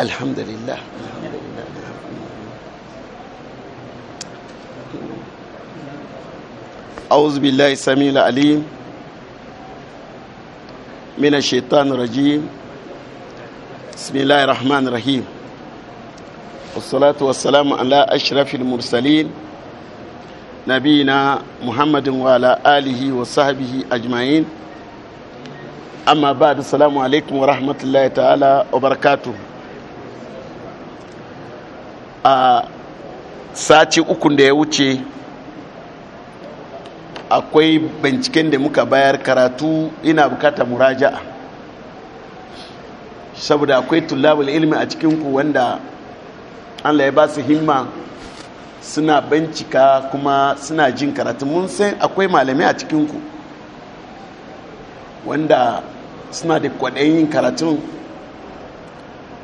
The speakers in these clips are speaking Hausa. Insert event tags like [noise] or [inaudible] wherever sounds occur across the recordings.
الحمد لله الحمد لله أعوذ بالله السميع العليم من الشيطان الرجيم بسم الله الرحمن الرحيم والصلاة والسلام على أشرف المرسلين نبينا محمد وعلى آله وصحبه أجمعين amma ba da salamu alaikum wa rahmatullahi ta'ala wa barakatu a sati ukun da ya wuce akwai binciken da muka bayar karatu ina bukata muraja'a saboda akwai tulabul ilmi a cikinku wanda allah ya ba su himma suna bincika kuma suna jin karatu mun san akwai malami a cikinku wanda suna da kwaɗayin karatu.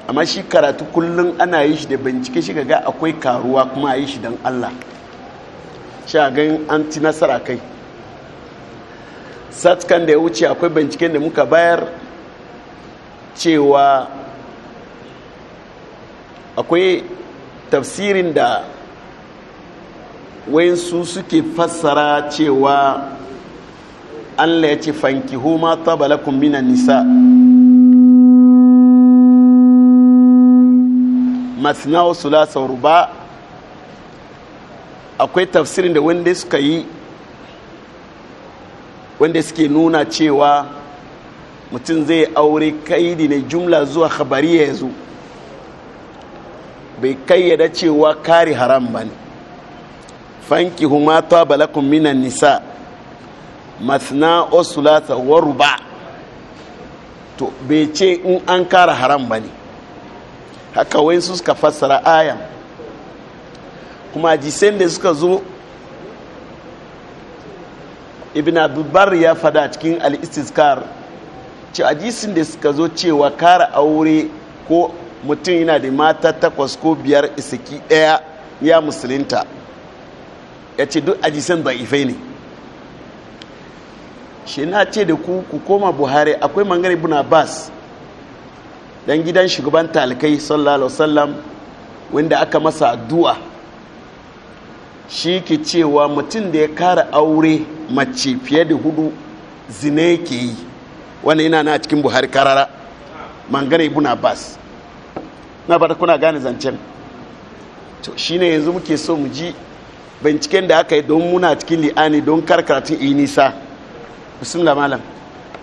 amma shi karatu kullum ana yi shi da bincike shi ga akwai karuwa kuma a yi shi don allah sha gan an ti nasara kai satkan da ya wuce akwai binciken da muka bayar cewa akwai tafsirin da wayansu suke fassara cewa allah ya ce fanki huma balakun minan nisa' masna wa sulasa ruba akwai tafsirin da wanda suka yi wanda suke nuna cewa mutum zai aure kaidi na jumla zuwa habari ya zo bai kayyada cewa kari haram ba ne fanki huma balakun minan nisa masna osulata waruba to bai ce in an kara haram ba ne haka wai su suka fassara ayan kuma jisen da suka zo ibn abubar ya fada cikin al'istiskar ci a jisin da suka zo cewa kara aure ko mutum yana da mata takwas ko biyar isaki daya ya musulinta ya ce duk a ajisan ifai ne shi na ce da ku ku koma buhari akwai mangare buna bas dan gidan shugaban talakai sallallahu alaihi wasallam wanda aka masa addu'a shi ke cewa mutum da ya kara aure mace fiye da hudu zine ke yi wani yana na cikin buhari karara mangana ibn abbas na bata kuna gane zancen to shine yanzu muke so mu ji binciken da aka yi don muna cikin li'ani don karkatun inisa bismillah malam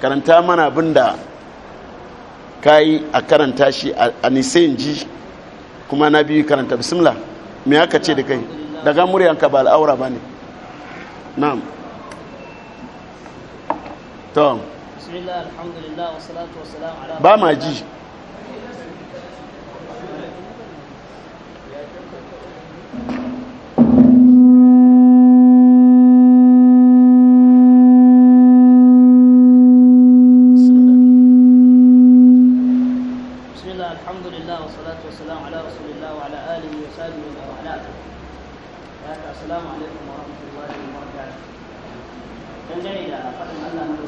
karanta mana abin da kayi a karanta shi a nisan ji kuma na biyu karanta bismillah me aka ce da kai daga muryanka ba al'aura ba ne na'am to ba ma ji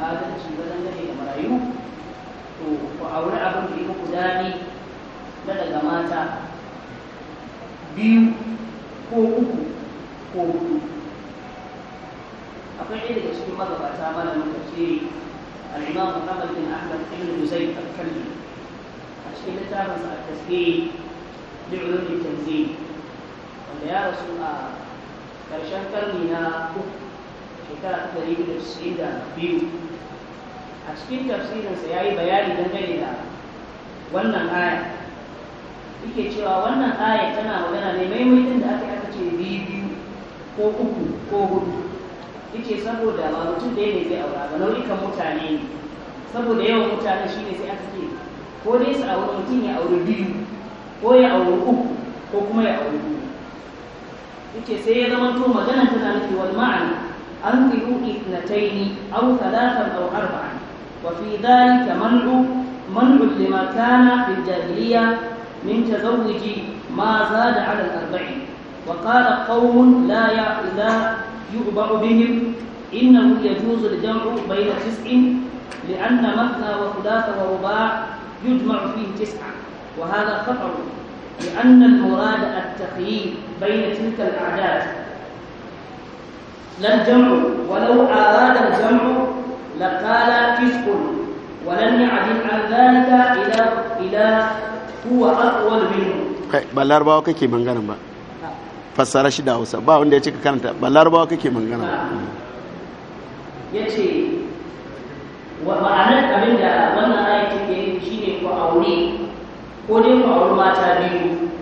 adalci ba dangane da marayu to ku auri abin da ya ku dani na daga mata biyu ko uku ko hudu akwai ɗaya daga cikin magabata mana na tafsiri al-imam Muhammad bin Ahmad ibn Zayd al-Kalbi a cikin littafin sa al-tafsiri li'ulum al-tanzil wanda ya rasu a karshen karni na uku shekara ta ɗari da da biyu a cikin tafsirinsa ya yi bayani dangane da wannan aya yake cewa wannan aya tana magana ne maimaitin da aka aka ce biyu ko uku ko hudu yake saboda ba mutum da yake aura ba nau'ikan mutane ne saboda yawan mutane shine sai aka ce ko dai su auri mutum ya auri biyu ko ya aure uku ko kuma ya aure biyu yake sai ya zama to magana tana nufi wal ma'ana an biyu ithnataini aw thalathan aw arba'a وفي ذلك منع منع لما كان في الجاهلية من تزوج ما زاد على الأربعين وقال قوم لا لا يغبع بهم إنه يجوز الجمع بين تسع لأن مثنى وثلاث ورباع يجمع فيه تسعة وهذا خطر لأن المراد التقييد بين تلك الأعداد لا الجمع ولو أراد الجمع لقال فسق ولم يعدل عن ذلك إلى إلى هو أطول منه kai ba larabawa kake mangana ba fassara shi da hausa ba wanda ya cika karanta ba larabawa kake mangana ba ya ce wa ma'anar abin da wannan ayi take shi ne ku ko dai ku aure mata biyu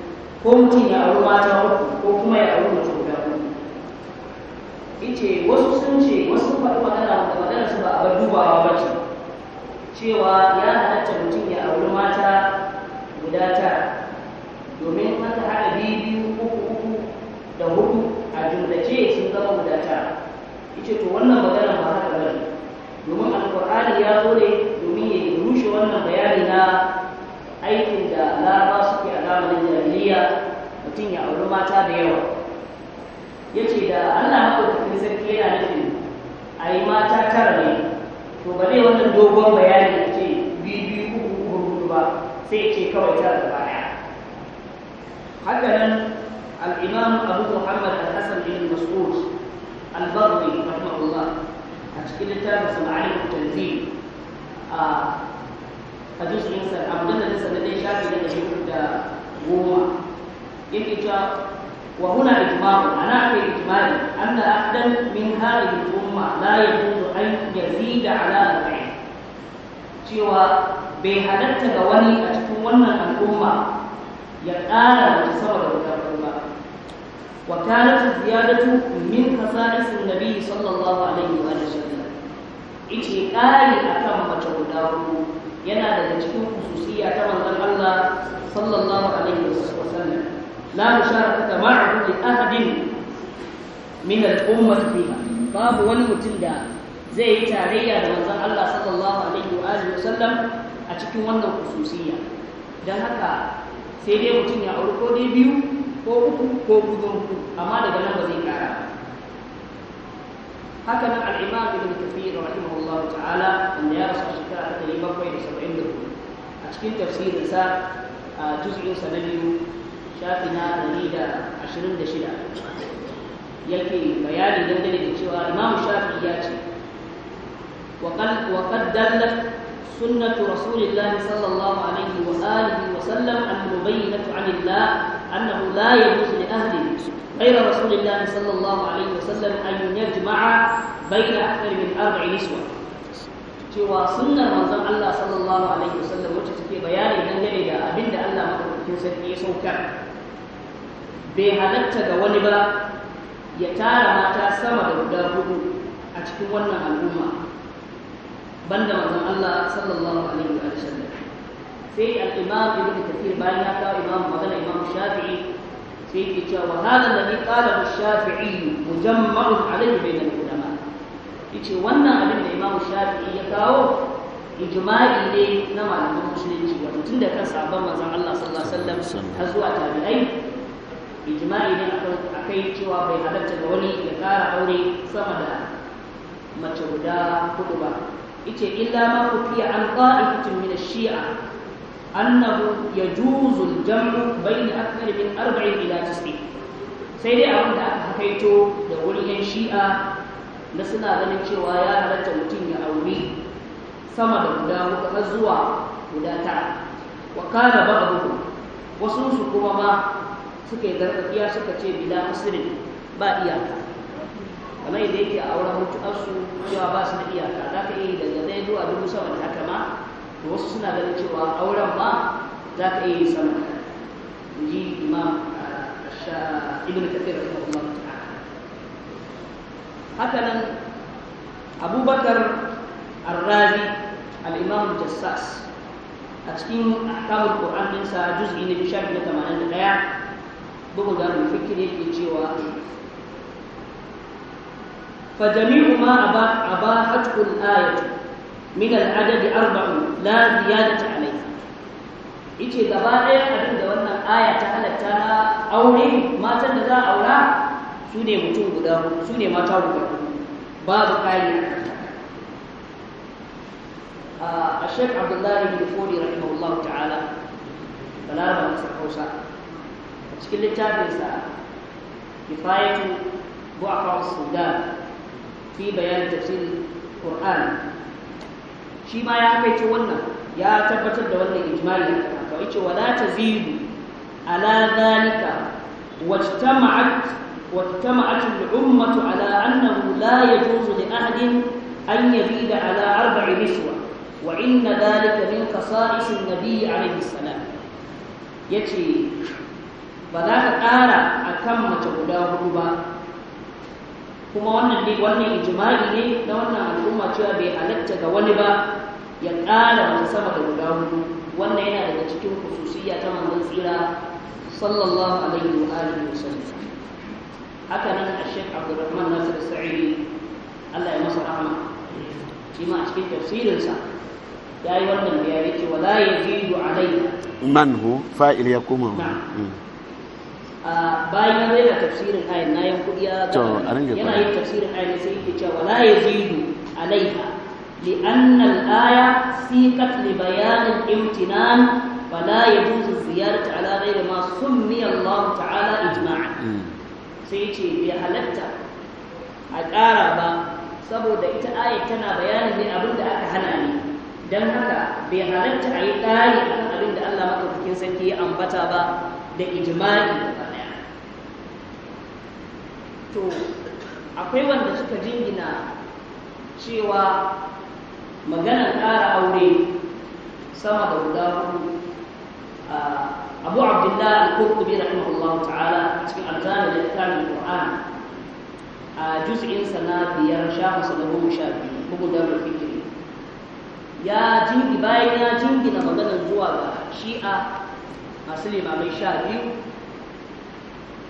ko mutum ya aure mata uku ko kuma ya aure ice wasu sun ce wasu faɗi magana da magana su ba a bar dubawa ba ce cewa ya halatta mutum ya auri mata guda ta domin haka haɗa biyu uku uku da hudu a jumlace sun zama guda ta ita to wannan magana ba haka ba ne domin alƙur'ani ya zo ne domin ya rushe wannan bayani na aikin da laraba suke a zamanin liya mutum ya auri mata da yawa Yace da allah maɗaukakin sarki yana nufin a yi mata tara ne to ba zai wannan dogon bayani ya ce biyu biyu uku uku ba sai ce kawai tara gaba ɗaya haka nan al'imam abu muhammad al-hassan bin mas'ud al-barri rahimahullah a cikin littafin sama'ani ko a a jusinsa abin da nasa na shafi da goma yake cewa وهنا إجماع أنا في إجماع أن أحدا من هذه الأمة لا يجوز أن يزيد على أربعين cewa bai halarta ga wani a cikin wannan al'umma ya ƙara da sama da wata ba wa kanat min khasarisin nabi sallallahu alaihi wa sallam ice ƙari akan mace guda yana daga cikin hususiya ta manzon Allah sallallahu alaihi wa لا مشاركة معه لأحد من الأمة فيها باب ونمتن دا زي تاريا لمنزل الله صلى الله عليه وآله وسلم أتكي ونن خصوصية dan haka sai dai mutum ya auri ko dai biyu ko uku ko gudun uku amma daga nan ba zai kara haka nan al'imam ibn kafir rahimahullahu ta'ala Inda ya rasu a shekara ta 774 a cikin tafsirinsa a juz'in sa na biyu shafi na da ashirin da shida yake bayani dangane da cewa imamu shafi ya ce وقد دلت سنة رسول الله صلى الله عليه وآله وسلم المبينة عن الله أنه لا يجوز لأهل غير رسول الله صلى الله عليه وسلم أن يجمع بين أكثر من أربع نسوة cewa sunnar manzon Allah sallallahu alaihi wasallam wacce take bayani dangane da abin da Allah madaukakin sarki ya saukar bai halatta ga wani ba ya tara mata sama da guda hudu a cikin wannan al'umma banda mazan Allah sallallahu alaihi wa sallam sai al'imam imam ibn kathir bayan ya kawo imam magana imam shafi'i sai ke cewa wa da ni qala ash-shafi'i mujammalun alayhi bayna al-ulama yace wannan abin da imam shafi'i ya kawo ijma'i ne na malaman musulunci wato da kan sabon manzon Allah sallallahu alaihi wa sallam har zuwa tabi'ai ijma'i ne akai cewa bai halarta ga wani ya kara aure sama da mace guda hudu ba ice illa ma fiye an qa'ifatin min ash-shi'a annahu yajuzu al-jam'u bayna akthar min arba'in ila tis'in sai dai abin da aka hakaito da wurin yan shi'a na suna ganin cewa ya halarta mutum ya aure sama da guda hudu har zuwa guda tara wa kana ba'dhu wasu su kuma ma suke gargafiya suka ce bila asirin ba iyaka kamar yadda yake a wurin mutuarsu cewa ba su da iyaka za ka iya daga ɗaya zuwa dubu sama da haka ma to wasu suna ganin cewa wurin ma za ka iya sama in ji imam ibn kafir rahimahullah ta'ala haka nan abubakar arrazi al-imam jassas a cikin ahkamul qur'an sa juz'i na 81 bugu da fikir yake cewa fa jami'u ma aba abahatu al-ayatu min al-adad arba'u la ziyadata alayhi yace gaba ɗaya abin da wannan aya ta halatta na aure matan da za a aura su ne mutum guda su ne mata guda babu kariya a shek abdullahi bin fodi rahimahullahu ta'ala balaraba masa hausa cikin littafinsa kifayatu bu'afa sudan fi bayan tafsirin qur'an shi ma ya kai wannan ya tabbatar da wannan ijmali haka yace wala tazidu ala dhalika wajtama'at wajtama'at al-ummah ala annahu la yajuzu li ahadin an yazida ala arba'i niswa wa inna dhalika min khasa'is an-nabi alayhi salam yace ba za ka ƙara a kan mace guda hudu ba kuma wannan ne wannan ne na wannan al'umma cewa bai halatta ga wani ba ya ƙara a sama da guda hudu wannan yana daga cikin kususiyya ta manzon tsira sallallahu alaihi wa alihi wa sallam haka nan a shek abdurrahman nasir sa'idi allah ya masa rahama shi ma a cikin tafsirinsa ya yi wannan bayani cewa la yazidu alaiha man hu fa'il yakumu na'am hmm. bayan na yana tafsirin na yan kudi ya ga yana yin tafsirin ayin sai yake cewa la yazidu alaiha li anna aya siqat li bayanin al imtinan wa la yajuzu ziyarati ala ghayri ma summi Allah ta'ala ijma'an mm. sai yace bi halatta a ƙara ba saboda ita ayat tana bayanin ne abin da aka hana ne don haka bai halatta a yi ƙari a abin da Allah maka bikin sarki ya ambata ba da ijma'i to akwai wanda suka jingina cewa maganar ƙara aure sama da guda hudu abu abdullah al-kurkubi rahimahullah ta'ala cikin alzana da littafin qur'an a juz'in sana biyar shafa su goma sha biyu da fikiri ya jingi bayan ya jingina maganar zuwa ga shi'a masu limamai sha biyu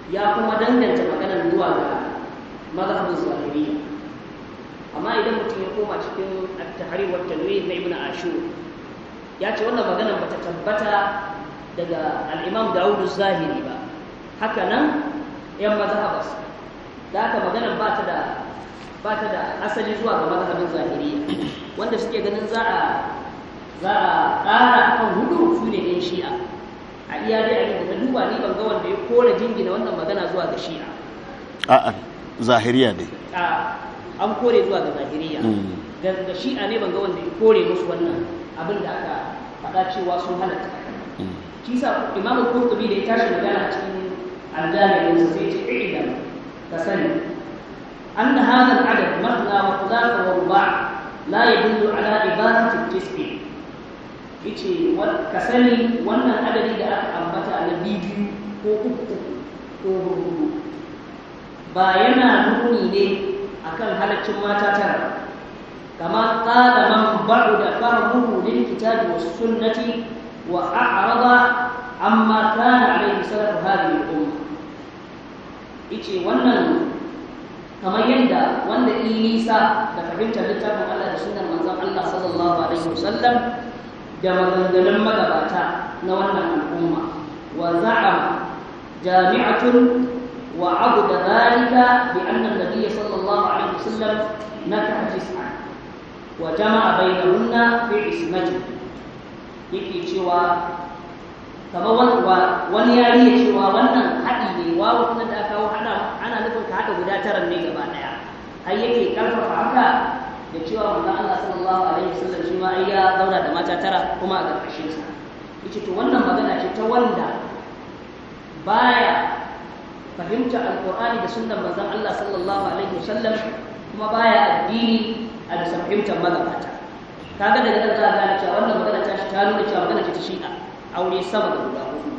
ya kuma danganta maganar zuwa ga mazhabin zahiriya amma idan mutum ya koma cikin at-tahrir wa tanwir na ibnu ashur ya ce wannan maganar bata tabbata daga al-imam daud zahiri ba haka nan yan mazhabas da haka maganar ba ta da ba ta da asali zuwa ga mazhabin zahiri wanda suke ganin za a za a ƙara kan hudu su ne 'yan shi'a a iya dai abin da duba ne ban ga wanda ya kore jingina wannan magana zuwa ga shi'a a'a zahiriya ne. a an kore zuwa ga zahiriya hmm. ga shi'a ne ban ga wanda ya kore musu wannan abin da aka faɗa cewa sun halatta hmm. shi sa imamu kurtubi da ya tashi magana cikin aljami'in sa sai ce idan ka sani An أن هذا العدد مثنى وثلاثة ورباع لا يدل على إباحة الجسم Ice ka sani wannan adadi da aka ambata na biyu ko uku ko hudu ba yana nuni ne akan halaccin mata tara kama qala man ba'da fahmuhu lil kitabi was sunnati wa a'rada amma kana alayhi salaf hadhihi al-umma Ice wannan kamar yadda wanda in nisa da fahimtar littafin Allah da sunnar manzon Allah sallallahu alaihi wasallam da maganganun magabata na wannan al'umma wa za'ama jami'atun wa abu da zalika bi annan nabiyyi sallallahu alaihi wasallam nakaha tis'a wa jama'a bainahunna fi ismati yake cewa kamar wani yari ya cewa wannan haɗi ne wawo kuma da aka kawo ana nufin ka haɗa guda tara ne gaba ɗaya har yake ƙarfafa haka da cewa manzon Allah sallallahu alaihi wasallam shi ma ya zauna da mata tara kuma a karkashin su yace to wannan magana ce ta wanda baya fahimta alqur'ani da sunnar manzon Allah sallallahu alaihi wasallam kuma baya addini a bisa fahimtar magabata kaga daga nan za a gane cewa wannan magana ta shi ta nuna cewa magana ce ta shi'a aure sama da guda hudu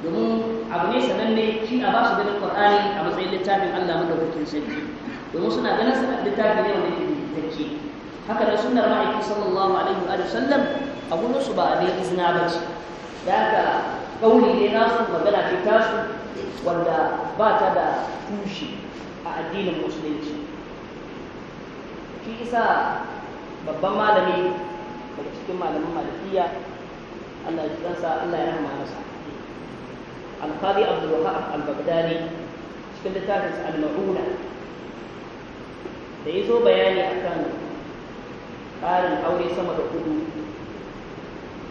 domin abu ne sananne shi a ba su ganin qur'ani a matsayin littafin Allah madaukakin sarki domin suna ganin sa littafin ne wanda yake ke haka da sunnar ma'aiki sallallahu alaihi wa sallam a gurinsu ba abin izina ba ce da aka ƙauli ne nasu magana ce tasu wanda ba ta da tushe a addinin musulunci shi isa babban malami daga cikin malamin malikiya Allah ya kansa Allah ya rahama masa alqadi abdul wahab al-baghdadi cikin littafin al-ma'una da ya zo bayani akan tsarin aure sama da hudu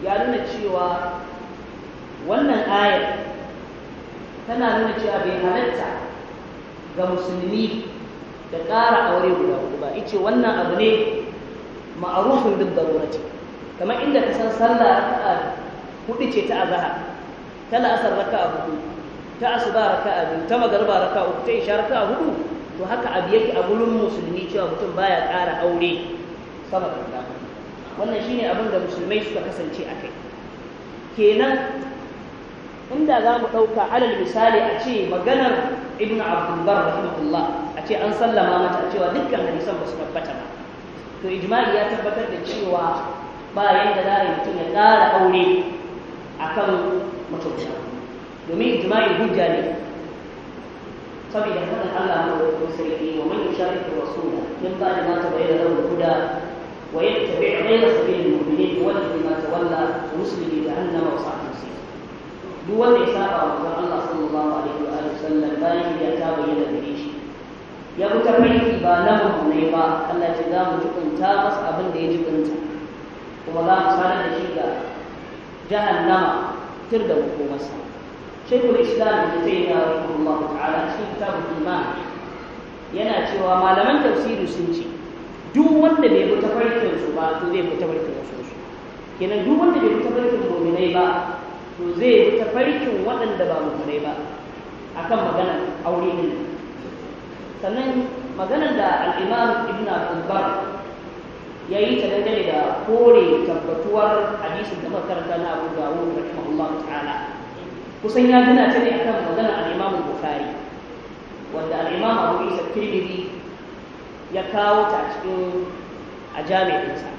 ya nuna cewa wannan ayar tana nuna cewa bai halatta ga musulmi da ƙara aure guda hudu ba ice wannan abu ne ma'arufin duk ce kamar inda ka san sallah raka'a hudu ce ta azhar ta la'asar a hudu ta asuba a biyu ta magarba a uku ta isha a hudu to haka abu yake a gurin musulmi cewa mutum baya ƙara aure saboda da wannan shine abin da musulmai suka kasance a kai kenan inda za mu ɗauka alal misali a ce maganar ibn abdulbar rahimahullah a ce an sallama mata cewa dukkan hadisan ba su tabbata ba to ijma'i ya tabbatar da cewa ba yanda za a yi mutum ya ƙara aure akan mutum domin ijma'i hujja ne saboda faɗin Allah ma da kuma wa man yushaqiqu rasula min ba'd ma tabayyana lahu al-huda wa yattabi' ghayra sabili al-mu'minin yuwallihi ma tawalla nuslihi jahannama wa sa'at masir duk wanda ya saba wa Allah sallallahu alaihi wa alihi bayan ya ta bayyana gare shi ya bi ta fanki ba na ne ba Allah ce za mu masa abin da ya tukunta kuma za mu sanar da shi ga jahannama tur da hukumarsa شيخ الاسلام ابن تيميه رحمه الله تعالى cikin kitabul iman yana cewa malaman tafsiri sun ce duk wanda bai bi tafarkin su ba to zai bi tafarkin wasu su kenan duk wanda bai bi tafarkin mu'minai ba to zai bi tafarkin waɗanda ba mu'minai ba akan magana aure ne sannan magana da al-imam ibn abdulbar ya yi ta dangane da kore tabbatuwar hadisin da karanta na abu dawud rahimahullahu ta'ala kusan ya gina ta ne akan magana a imam Bukhari wanda al-Imam Abu Isa kirgiri ya kawo ta cikin a jami'insa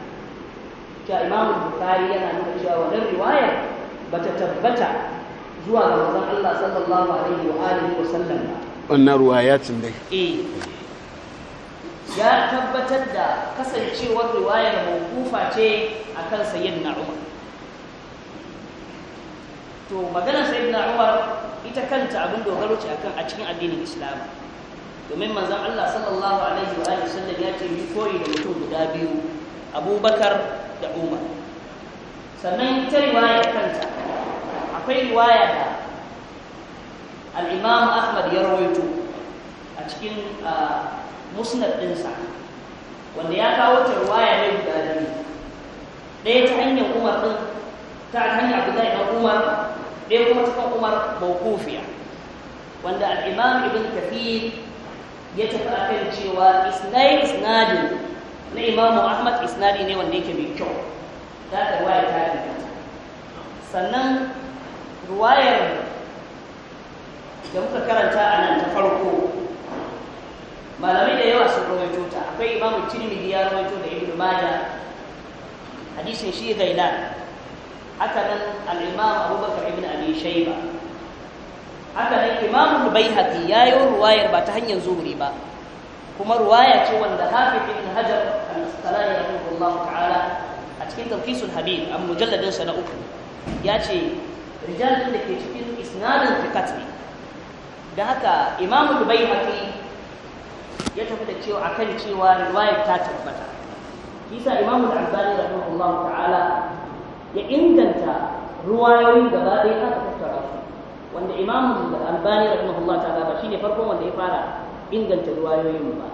cewa Imam bukari yana nuna cewa wannan riwaya bata tabbata zuwa ga manzon Allah sallallahu alaihi wa alihi wa sallam ba wannan riwayatin dai eh ya tabbatar da kasancewar riwayar mawqufa ce akan sayyidina Umar to maganar na umar ita kanta abin dogaro ce akan a cikin addinin islam domin manzon Allah sallallahu alaihi wa alihi sallam ya ce yi koyi da mutum guda biyu abubakar da umar sannan ita riwaya kanta akwai riwaya da al-imam ahmad ya rawaito a cikin musnad ɗinsa wanda ya kawo ta riwaya ne guda biyu ɗaya ta hanyar umar ɗin ta hanyar Abdullahi na Umar da kuma cikin Umar mawqufiya wanda al-Imam Ibn Kathir ya tafi akan cewa isnai Isnadi na Imam Ahmad isnadi ne wanda yake mai kyau ta ruwaya ta sannan ruwayar da muka karanta a nan ta farko malamai da yawa sun rawaito ta akwai imamu tirmidhi ya rawaito da ibnu maja hadisin shi gaila haka nan al-imam abubakar ibn abi shayba haka nan imam al ya yi ruwayar ba ta hanyar zuhuri ba kuma ruwaya ce wanda hafiz ibn hajar al-asqalani rahimahullahu ta'ala a cikin tawkisul habib a mujalladin sa na uku ya ce rijalin da ke cikin isnadin fiqat ne da haka imam al ya tafi da cewa akan cewa ruwayar ta tabbata kisa imam al-albani rahimahullahu ta'ala ya inganta ruwayoyin gaba ɗaya aka tattara su wanda imam albani rahimahullah ta'ala ba ne farkon wanda ya fara inganta ruwayoyin ba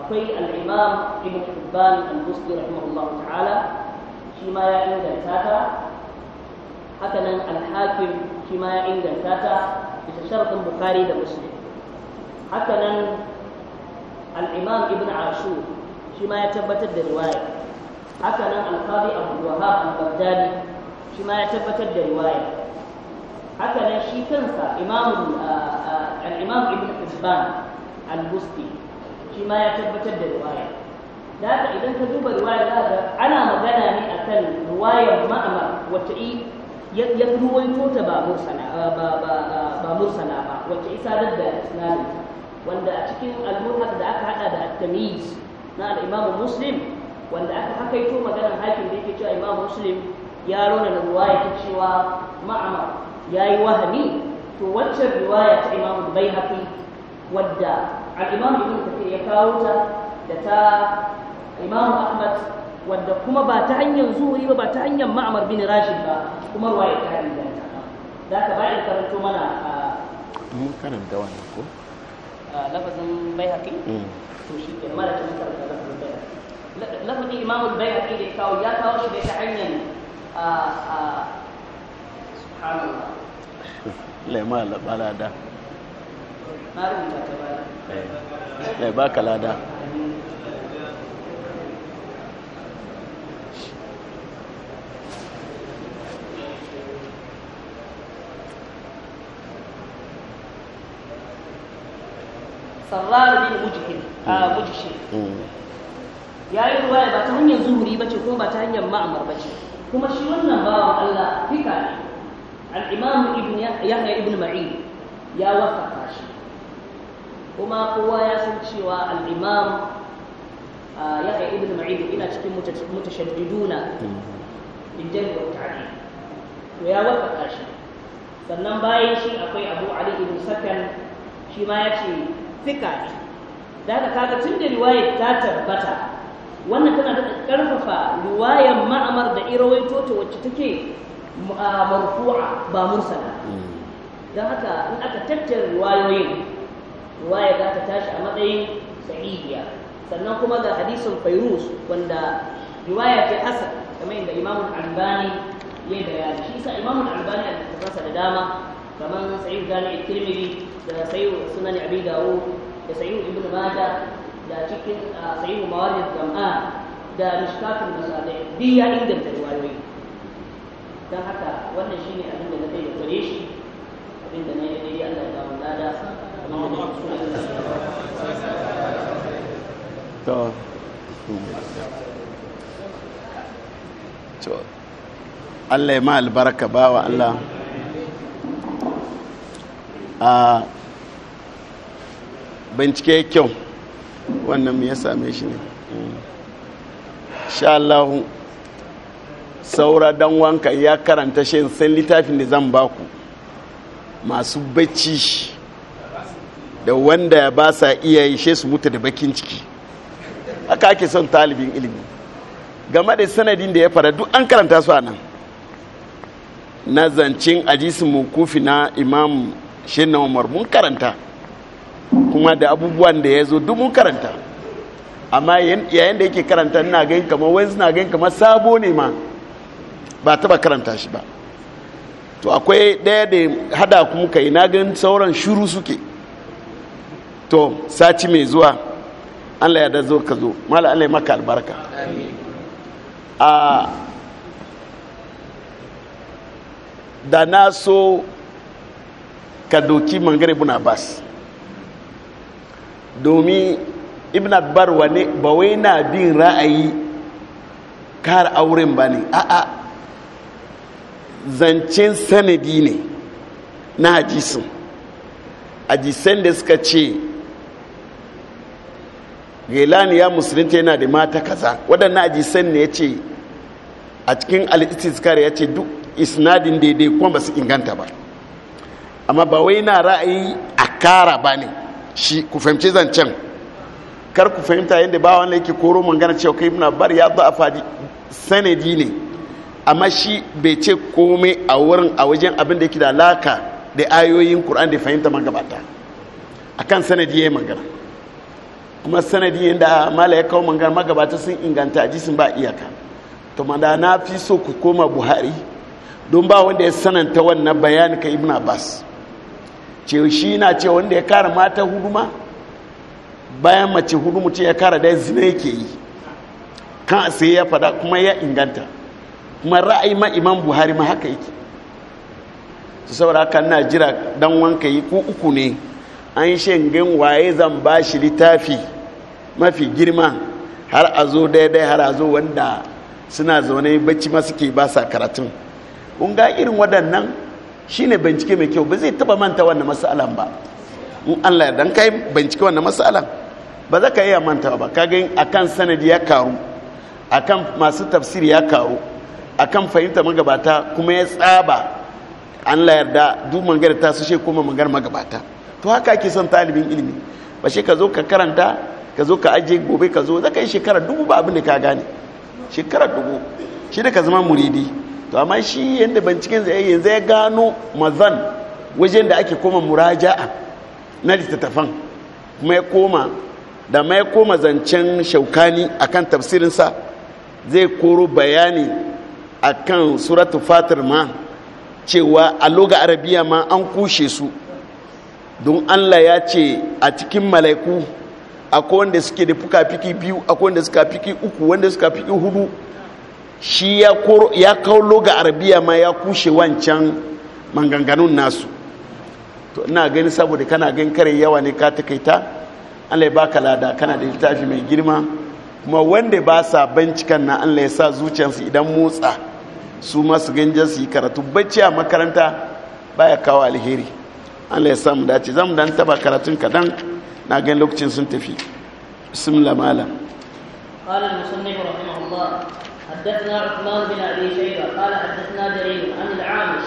akwai al'imam imam ibn hibban al-busti rahimahullah ta'ala shi ma ya inganta ta haka nan al shi ma ya inganta ta bisa shartin bukari da muslim haka nan al ibn Ashu shi ma ya tabbatar da ruwayoyi. haka nan alqadi abu wahab al-baghdadi shi ma ya tabbatar da riwaya haka nan shi kansa imam al-imam uh, uh, ibn hibban al-busti shi ma ya tabbatar da riwaya da haka idan ka duba riwaya za ga ana magana ne a kan riwayar ma'amar wata ya ruwaito ta ba mursala uh, ba mursala ba wacce isarar da isnadin wanda a cikin al da aka hada da at-tamyiz na al-imam muslim wanda aka hakaito maganar hakim da yake cewa imam muslim ya rona da ruwaya ta cewa ma'amar ya yi wahani to waccan riwaya ta imam bai haƙi wadda al'imam ibn kafir ya kawo ta da ta imam ahmad wadda kuma ba ta hanyar zuhuri ba ba ta hanyar ma'amar bin rashid ba kuma ruwaya ta hanyar da ka ba in karanto mana a mun karanta wannan ko a lafazin bai haƙi mm. to shi ke mara ta karanta lafazin لفظ الامام البيع في الكاويات وش بيتعين آه، آه. سبحان الله لا ما لا بلا دا ما رمت لا باك لا دا صرار بن مجهد آه، مجهد ya yi ruwaya ba ta hanyar zuhuri ba ce kuma ba ta hanyar ma'amar ba ce kuma shi wannan bawan Allah fika ne al-imam ibn yahya ibn ma'in ya wasafa shi kuma kowa ya san cewa al-imam ah, yahya ibn ma'in ina cikin mutashaddiduna in wa ta'ali to ya wasafa shi sannan bayan shi akwai abu ali ibn sakan shi ma ya ce fika ne da haka kaga tun da riwayar ta tabbata wannan tana da karfafa riwayar ma'amar da irawaito ta wacce take marfu'a ba mursala hmm. don haka in aka tattara riwayoyin riwaya za ta tashi a matsayin sahihiya sannan kuma ga hadisin fayrus wanda riwaya ce hasan kamar yadda imamul albani ya yi bayani shi sa imamul albani a littafansa da dama kamar sa'id gani tirmidhi da sa'id sunan abi dawud da sa'id ibn majah ده تشيكن آه، صحيح موارد الظمآن ده مش كافي المسألة دي يعني عند الجوالوي ده حتى وانا شيني أهم من نتيجة تريش أبين ده نيجي لي أنا إذا من هذا الله ما البركة با والله آه بنتكي كيو wannan me ya same shi ne sha Allah saura dan wanka ya karanta shi sai littafin da zan baku masu bacci da wanda ba sa iya yi shi su mutu da bakin ciki aka ake son talibin ilimi game da sanadin da ya fara duk an karanta su a nan na zancin ajisun mukufi na imam shi na umar mun karanta kuma da abubuwan da ya zo duk mun karanta amma yayin da yake karanta na gani kamar wani suna gani kamar sabo ne ma ba taba karanta shi ba to akwai daya da hada kuma kai na gani sauran shuru suke to sati mai zuwa allah ya da zo ka zo mala allah ya maka albarka a da na so ka doki mangare buna bas domin ibn abbar wani ba wai na bin ra'ayi kar auren ba ne a'a zancen sanadi ne na hadisin hadisan da suka ce gelani ya musulunta yana da mata kaza waɗannan hadisan ne ya ce a cikin alisiskar ya ce duk isnadin daidai kuma ba su inganta ba amma ba wai na ra'ayi a kara ba ne shi ku fahimci zancen kar ku fahimta yadda ba wanda yake koro mangana cewa kai muna bar ya zo a fadi sanadi ne amma shi bai ce kome a wurin a wajen abin da yake da alaka da ayoyin kur'an da fahimta magabata kan sanadi ya magana kuma sanadi yadda mala ya kawo magana magabata sun inganta sun ba iyaka to da na fi so ku koma buhari don ba wanda ya sananta wannan bayani ka ibn abbas ce shi na ce wanda ya kara mata huduma bayan mace hudu mutum ya kara da zina yake yi kan sai ya fada kuma ya inganta kuma ra'ayi ma imam buhari ma haka yake su saboda haka na jira dan wanka yi ko uku ne an shingen waye zan ba shi littafi mafi girma har a zo daidai har a zo wanda suna zaune bacci ma suke ba sa karatun kun irin waɗannan Shi shine bincike mai kyau ba zai taba manta wannan matsalan ba in Allah ya dan kai bincike wannan matsala ba za ka iya manta ba ka ga akan sanadi ya karu akan masu tafsir ya karu akan fahimta magabata kuma ya tsaba an layar da duk mangar ta su she kuma mangar magabata to haka ake son talibin ilimi ba shi ka zo ka karanta ka zo ka aje gobe ka zo za ka yi shekara dubu ba abin da ka gane shekara dubu shi da ka zama muridi to amma shi yadda binciken zai yanzu ya gano mazan wajen da ake koma muraja'a na littattafan kuma ya koma da ma koma zancen shaukani akan tafsirinsa zai koro bayani akan suratu fatir ma cewa a loga arabiya ma an kushe su don allah ya ce a cikin mala'iku akwai wanda suke da fuka-fiki biyu akwai wanda suka fiki uku wanda suka fiki hudu shi ya kawo ga arabiya ma ya kushe wancan manganganun nasu to ina gani saboda kana gan kare yawa ne ka takaita an ya baka lada kana da littafi mai girma kuma wanda ba sa bincikan na an ya sa zuciyarsu idan motsa su masu ganjen su yi karatu bacci a makaranta ba ya kawo alheri an sa mu dace za mu dan taba karatun kadan na gan lokacin sun tafi bismillah malam حدثنا عثمان بن ابي شيبه قال حدثنا جرير عن العامش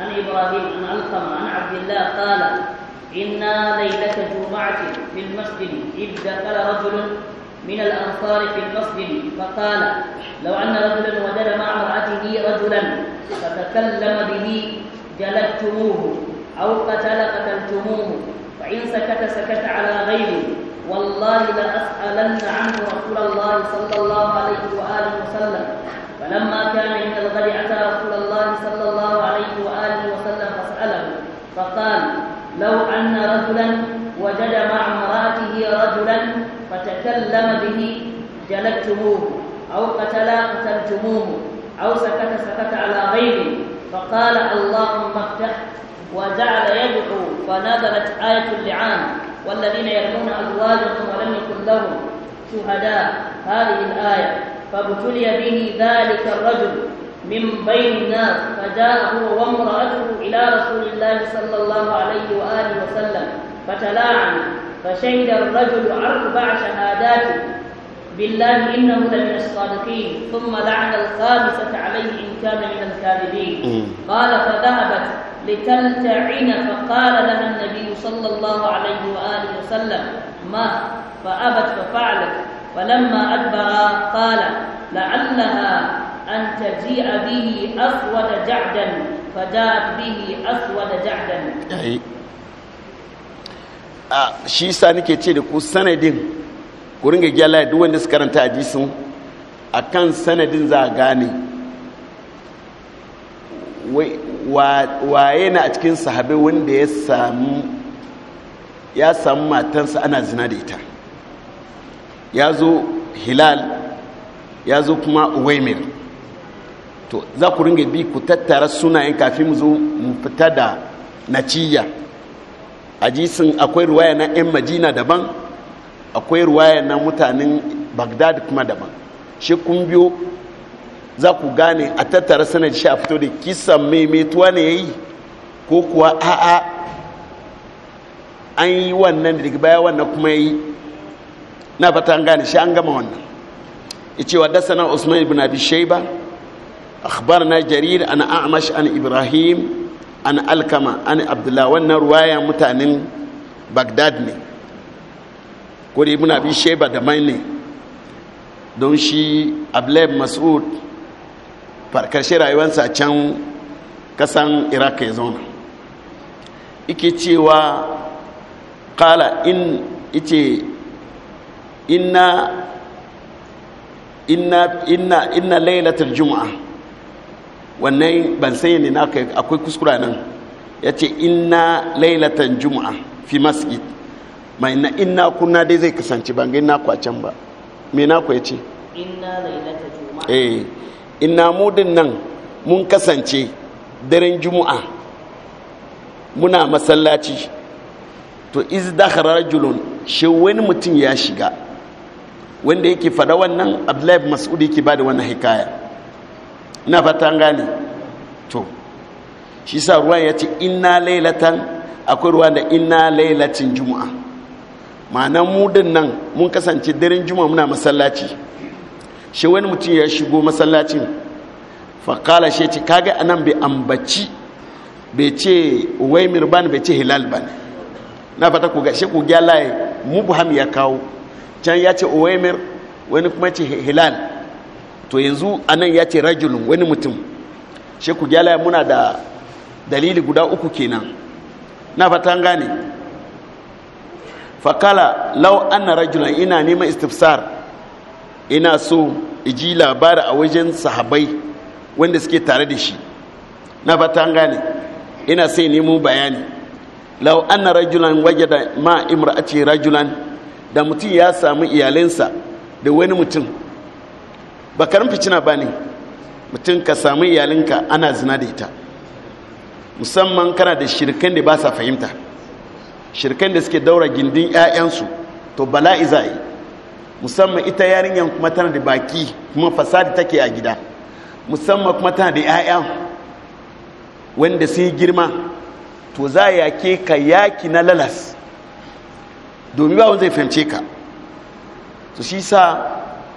عن ابراهيم عن علقمه عن عبد الله قال انا ليله جمعه في المسجد اذ دخل رجل من الانصار في المسجد فقال لو ان رجلا وجد مع امراته رجلا فتكلم به جلدتموه او قتل قتلتموه فان سكت سكت على غيره والله لأسألن عنه رسول الله صلى الله عليه وآله وسلم فلما كان عند الغد أتى رسول الله صلى الله عليه وآله وسلم فسأله فقال لو أن رجلا وجد مع امرأته رجلا فتكلم به جلدتموه أو قتل قتلتموه أو سكت سكت على غيره فقال اللهم افتح وجعل يدعو فنزلت آية اللعان والذين يرمون أزواجهم ولم يكن لهم شهداء هذه الآية فابتلي به ذلك الرجل من بين الناس فجاء هو وامرأته إلى رسول الله صلى الله عليه وآله وسلم فتلاعن فشهد الرجل أربع شهادات بالله إنه لمن الصادقين ثم لعن الخامسة عليه إن كان من الكاذبين قال فذهبت لتلتعن فقال لها النبي صلى الله عليه وآله وسلم ما فأبت ففعلت فلما أدبر قال لعلها أن تجيء به أسود جعدا فجاءت به أسود جعدا a shi sa nake ce da ku sanadin ku ringa gyala duk wanda suka karanta hadisin kan sanadin za a gane waye na a cikin sahabe wanda ya samu ya matansa ana zina da ita ya zo hilal ya zo kuma uwaimir to za ku ringa bi ku tattara sunayen kafin mu zo mu fita da naciya a jisun akwai ruwaya na 'yan majina daban akwai ruwaya na mutanen bagdad kuma daban shi kun biyo za ku gane a tattara sanar shi a fito da kisan maimaituwa ne ya yi ko kuwa a'a an yi wannan da daga baya wannan kuma ya yi na fata an gane shi an gama wannan ice wa dasa na usman ibn abi shaiba na jarir an a'mash an ibrahim an alkama an abdullah wannan ruwaya mutanen bagdad ne ko da ibn abi shaiba da mai ne don shi abdullahi mas'ud karshe rayuwarsa can kasan iraq ya zauna ike cewa kala in ice inna inna inna inna lailatul juma'a wannan ban sai ne na akwai kuskura nan yace inna lailatan juma'a fi masjid mai na inna kunna dai zai kasance ban ga inna kwa can ba me na ku yace ce inna lailatul juma'a eh ina mudin nan mun kasance daren juma'a muna masallaci to iz dakhara rajulun shi wani mutum ya shiga wanda yake fada wannan abdullahi mas'ud yake bada wannan hikaya ina fata gane to shi sa ruwan ya ce inna lailatan akwai ruwa da ina laylatin juma'a ma'ana mudin nan mun kasance daren juma'a muna masallaci shi wani mutum ya shigo masallacin faƙala shi ce kaga anan bai ambaci bai ce waimir ba bai ce hilal ba na fata ku gashe ku gyalaye mubham ya kawo can ya ce waimir wani kuma ce hilal to yanzu anan ya ce rajulun wani mutum shi ku ya muna da dalili guda uku kenan na fata gane faƙala lau an na rajulan ina neman istifsar ina so iji labari a wajen sahabai wanda suke tare da shi na fatan gane ina sai nemo bayani lau anna rajulan waje da ma ce rajulan da mutum ya samu iyalinsa da wani mutum ba karin ficina ba ne mutum ka samu iyalinka ana zina da ita musamman kana da shirkan da ba sa fahimta shirkan da suke daura gindin 'ya'yansu to bala'i za musamman ita yarinyar kuma tana da baki kuma fasadi take a gida musamman kuma tana da 'ya'ya wanda sun girma to za a yake ka yaki na lalas domin ba zai fahimce ka su shi sa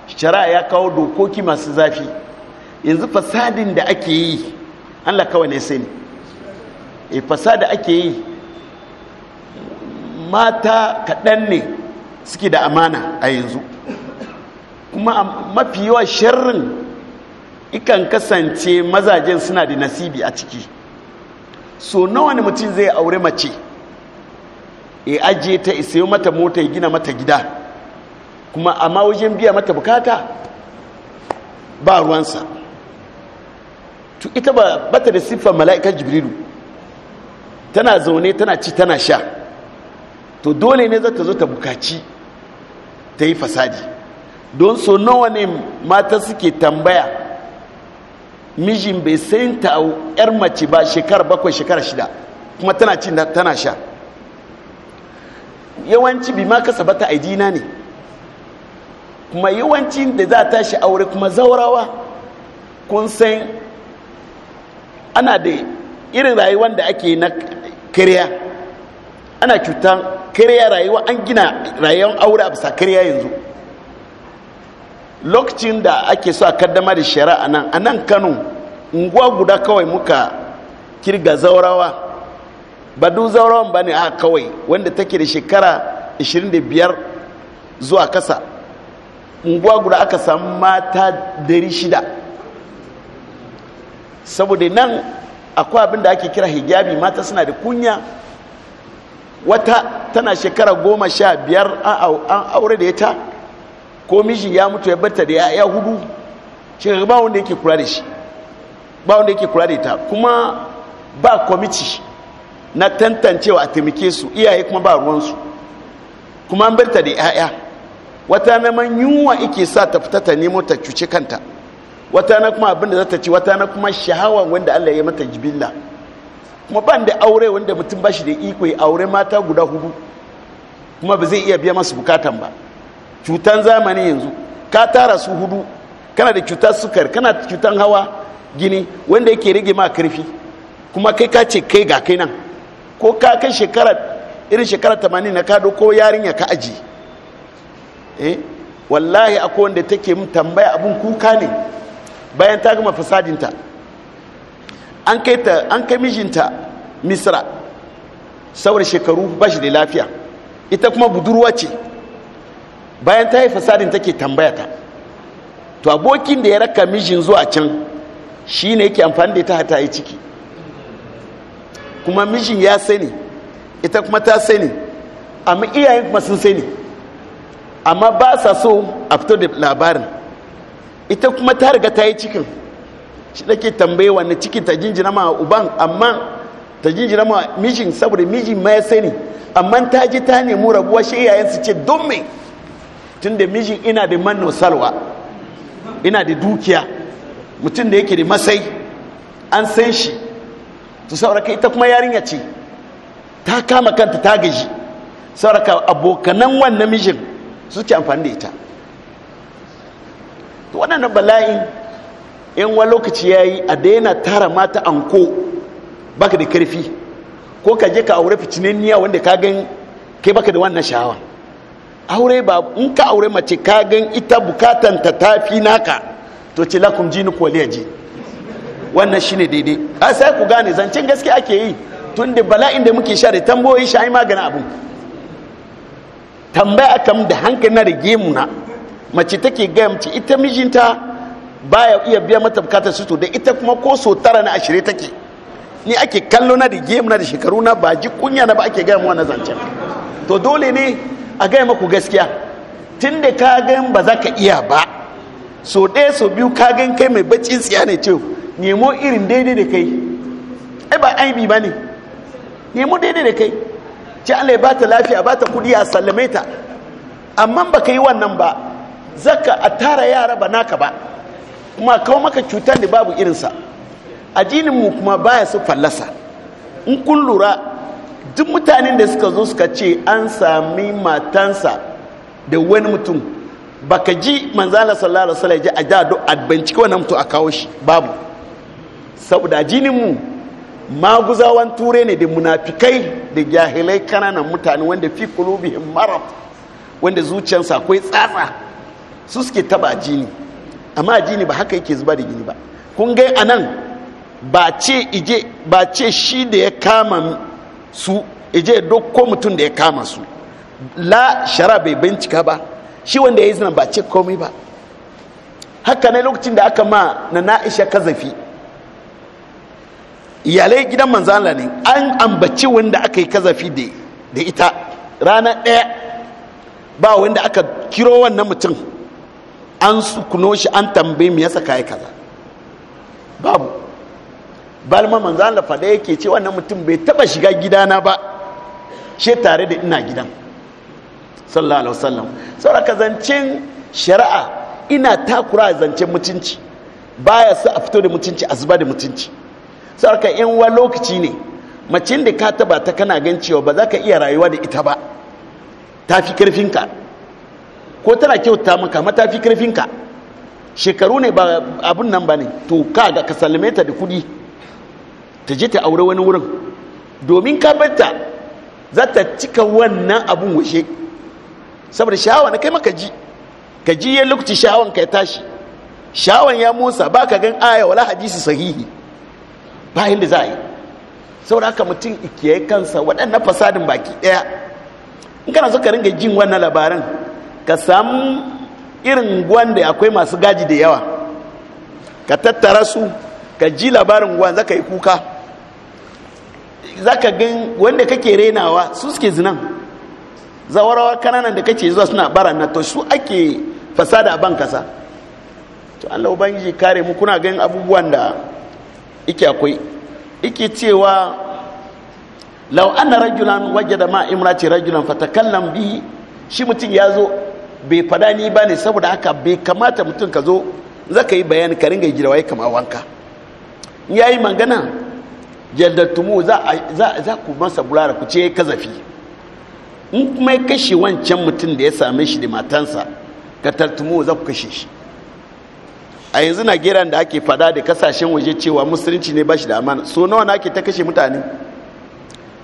shari'a ya kawo dokoki masu zafi yanzu fasadin da ake yi an kawai ne sai e da ake yi mata kaɗan ne suke da amana a yanzu kuma a mafi yawa sharrin ikan kasance mazajen suna da nasibi a ciki so nawa ne mutum zai aure mace e ajiye ta isayo mata mota gina mata gida kuma amma wajen biya mata bukata ba ruwansa to ita ba bata da siffar mala'ikar jibrilu tana zaune tana ci tana sha to dole ne za ta zo ta bukaci ta yi fasadi don so nawa ne mata suke tambaya mijin bai sayin ta yar mace ba shekara bakwai shekara shida kuma tana cin tana sha yawanci bi ma kasa bata aidina ne kuma yawanci da za ta shi aure kuma zaurawa kun san ana da irin rayuwar da ake na kariya ana cutan. karya rayuwa an gina rayuwar aure a bisa kariya yanzu lokacin da ake so a kaddama da shari'a nan a nan kano unguwa guda kawai muka kirga zaurawa ba du zaurawan ba ne a kawai wanda take da shekara 25 zuwa kasa unguwa guda aka samu mata 600 saboda nan akwai abin da ake kira hijabi mata suna da kunya wata tana shekara goma sha biyar an aure da ita ko mishi ya mutu ya barta da ya hudu shi ba wanda yake kula da shi ba wanda yake kula da ita kuma ba kwamiti na tantancewa a taimake su iyaye kuma ba ruwansu kuma an barta da ya'ya wata na man yunwa ike sa ta fita ta nemo ta cuce kanta wata na kuma abinda za ta ci wata na kuma shahawa wanda allah ya mata jibilla kuma ban da aure wanda mutum ba shi da iko ya aure mata guda hudu kuma ba zai iya biya masu bukatan ba cutan zamani yanzu ka tara su hudu kana da cutar sukar kana da cutan hawa gini wanda yake rage ma karfi kuma kai ka ce kai ga kai nan ko ka kai shekara irin shekara tamanin na kado ko yarinya ka aji eh wallahi akwai wanda take mun tambaya abin kuka ne bayan ta gama fasadinta an kai ta an kai mijinta misra saboda shekaru ba shi da lafiya ita kuma budurwa ce bayan ta yi fasadin take tambaya ta to abokin da ya raka mijin zuwa can shi ne yake amfani da ita hata yi ciki kuma mijin ya sani ita kuma ta sani amma iyayen kuma sun sani amma ba sa so a fito da labarin ita kuma ta riga ta yi cikin shi ke tambaye wanne cikin ta jinjina ma uban amma ta jinjina ma mijin saboda mijin ma ya sani amma ta ji ta nemi rabuwa shi iyayen su ce don me tun da mijin ina da manno salwa ina da dukiya mutum da yake da masai an san shi to sauraka ita kuma yarinya ce ta kama kanta ta gaji sauraka abokanan wannan mijin suke amfani da ita to waɗannan bala'in in wani lokaci ya yi a daina tara mata anko baka da karfi ko ka je ka aure fitinanniya wanda ka gan kai baka da wannan sha'awa aure ba in ka aure mace ka gan ita bukatan ta tafi naka to ce lakum jini ko ji wannan shine daidai a sai ku gane zancen gaske ake yi tun da bala'in da muke sha da tamboyi sha maganin abin tambaya kam da hankali na da gemu na mace take gaya mace ita mijinta ba ya iya biya mata bukatar su to da ita kuma ko so tara na ashirin take ni ake kallo na da gemu na da shekaru na ba ji kunya na ba ake gaya mu na zancen to dole ne a gaya maku gaskiya tun da ka gan ba za ka iya ba so ɗaya so biyu ka gan kai mai bacci tsiya ne ce nemo irin daidai da kai ai ba aibi ba ne nemo daidai da kai ce allah ya bata lafiya bata kudi a sallame ta amma ba ka yi wannan ba zaka a tara yara ba naka ba kuma kawo maka cutar da babu irinsa addinin mu kuma baya su fallasa in kun lura duk mutanen da suka zo suka ce an sami matansa da wani mutum baka ji manzala sallallahu alaihi wasallam ji a jado a bincike wannan mutum a kawo shi babu saboda addinin mu maguzawan ture ne da munafikai da jahilai kananan mutane wanda fi kulubihim marad wanda zuciyarsa akwai tsatsa su suke taba jini amma jini ba haka yake zuba da gini ba kun ga anan ba ce ije ba ce shi da ya kama su ije dokko mutum da ya kama su la shara bai bincika ba shi wanda ya yi zina ba ce komai ba haka ne lokacin da aka ma na na'isha kazafi iyalai gidan manzala ne an ambaci wanda aka yi kazafi da ita rana ɗaya ba wanda aka kiro wannan mutum an sukuno shi an tambaye mu yasa kai kaza babu balma manzo Allah da yake ce wannan mutum bai taba shiga gidana ba she tare da ina gidan sallallahu alaihi wasallam saboda kazancin shari'a ina takura zancen mutunci baya sa a fito da mutunci a zuba da mutunci saboda in wa lokaci ne macin da ka taba ta kana gan cewa ba za ka iya rayuwa da ita ba ta fi karfinka ko tana kyauta maka matafi karfinka shekaru ne ba abin nan ba ne to kaga ka sallame ta da kudi ta je ta aure wani wurin domin ka barta za ta cika wannan abun washe saboda sha'awa na kai maka ji ka ji ya lokaci sha'awan ka ya tashi sha'awan ya musa ba ka gan aya wala hadisi sahihi bayan da za a yi saboda haka mutum ikiyayi kansa waɗannan fasadin baki ɗaya in kana so ka ringa jin wannan labaran ka samu irin gwanda akwai masu gaji da yawa ka tattara su ka ji labarin gwan zaka yi kuka zaka gan wanda kake renawa su suke zinan zawarawa kananan da kake zuwa suna bara na to su ake fasada a ban kasa to Allah ubangiji kare mu kuna ganin abubuwan da ike akwai ike cewa law anna rajulan wajada ma imrati rajulan fatakallam bihi shi mutum ya zo bai fada ni ba ne saboda haka bai kamata mutum ka zo za ka yi bayani ka ringa gida waye kama wanka ya yi magana tumu za ku masa bulara ku ce kazafi in kuma ya kashe wancan mutum da ya same shi da matansa ka tartumu za ku kashe shi a yanzu na geran da ake fada da kasashen waje cewa musulunci ne ba shi da amana so nawa na ake ta kashe mutane